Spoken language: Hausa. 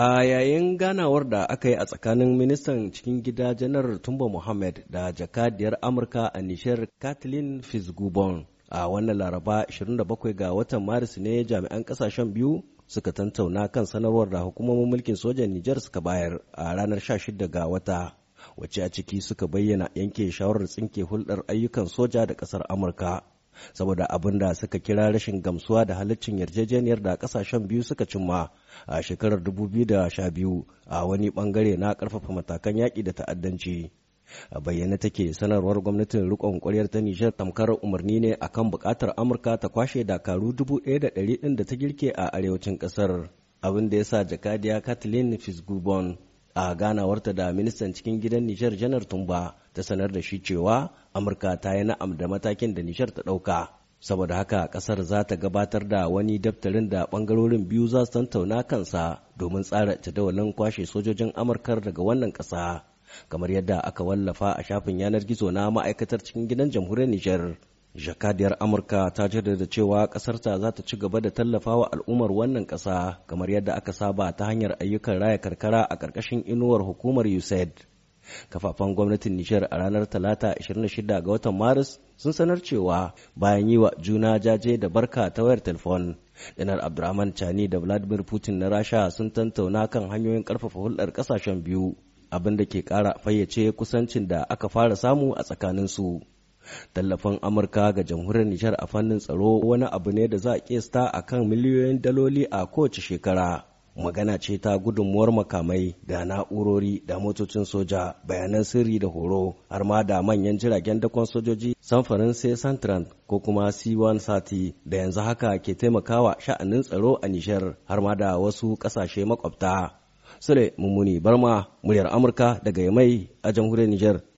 A yayin ganawar da aka yi a tsakanin ministan cikin gida janar Tumba Mohammed da jakadiyar Amurka a Nishar Kathleen Fitzgibbon a wannan laraba 27 ga watan Maris ne jami'an kasashen biyu suka tantauna kan sanarwar da hukumomin mulkin sojan Nijar suka bayar a ranar 16 ga wata. Wacce a ciki suka bayyana yanke shawarar tsinke hulɗar ayyukan soja da ƙasar Amurka. saboda abin da suka kira rashin gamsuwa da halaccin yarjejeniyar da kasashen biyu suka cimma a shekarar 2012 a wani bangare na karfafa matakan yaƙi da ta'addanci. a bayyane take sanarwar gwamnatin rikon kwaryar ta nijar tamkar umarni ne a kan bukatar amurka ta kwashe dakaru dubu ɗaya da ɗari ɗin da ta girke a arewacin ƙasar abin da ya sa jakadiya kathleen fitzgibbon a ganawarta da ministan cikin gidan Nijar Janar Tumba ta sanar da shi cewa Amurka ta yi na'am da matakin da Nijar ta ɗauka. Saboda haka ƙasar za ta gabatar da wani daftarin da ɓangarorin biyu za su tattauna kansa domin tsara jadawalin kwashe sojojin amurka daga wannan ƙasa. Kamar yadda aka wallafa a shafin yanar gizo na ma'aikatar cikin gidan jamhuriyar Nijar. jakadiyar amurka ta jaddada cewa ƙasarta za ta ci gaba da tallafawa al'ummar wannan ƙasa kamar yadda aka saba ta hanyar ayyukan raya karkara a ƙarƙashin inuwar hukumar usaid kafafen gwamnatin nijar a ranar talata 26 ga watan maris sun sanar cewa bayan yi wa juna jaje da barka ta wayar telefon janar abdurrahman chani da vladimir putin na rasha sun tantauna kan hanyoyin ƙarfafa hulɗar ƙasashen biyu abin da ke kara fayyace kusancin da aka fara samu a tsakaninsu. su tallafin amurka ga jamhuriyar nijar a fannin tsaro wani abu ne da za a kesta a kan miliyoyin daloli a kowace shekara magana ce ta gudunmuwar makamai da na'urori da motocin soja bayanan sirri da horo har ma da manyan jiragen dakon sojoji samfarin sai santran ko kuma c1 sati da yanzu haka ke taimakawa sha'anin tsaro a Nijar, har ma da wasu kasashe makwabta sule mummuni barma muryar amurka daga yamai a jamhuriyar nijar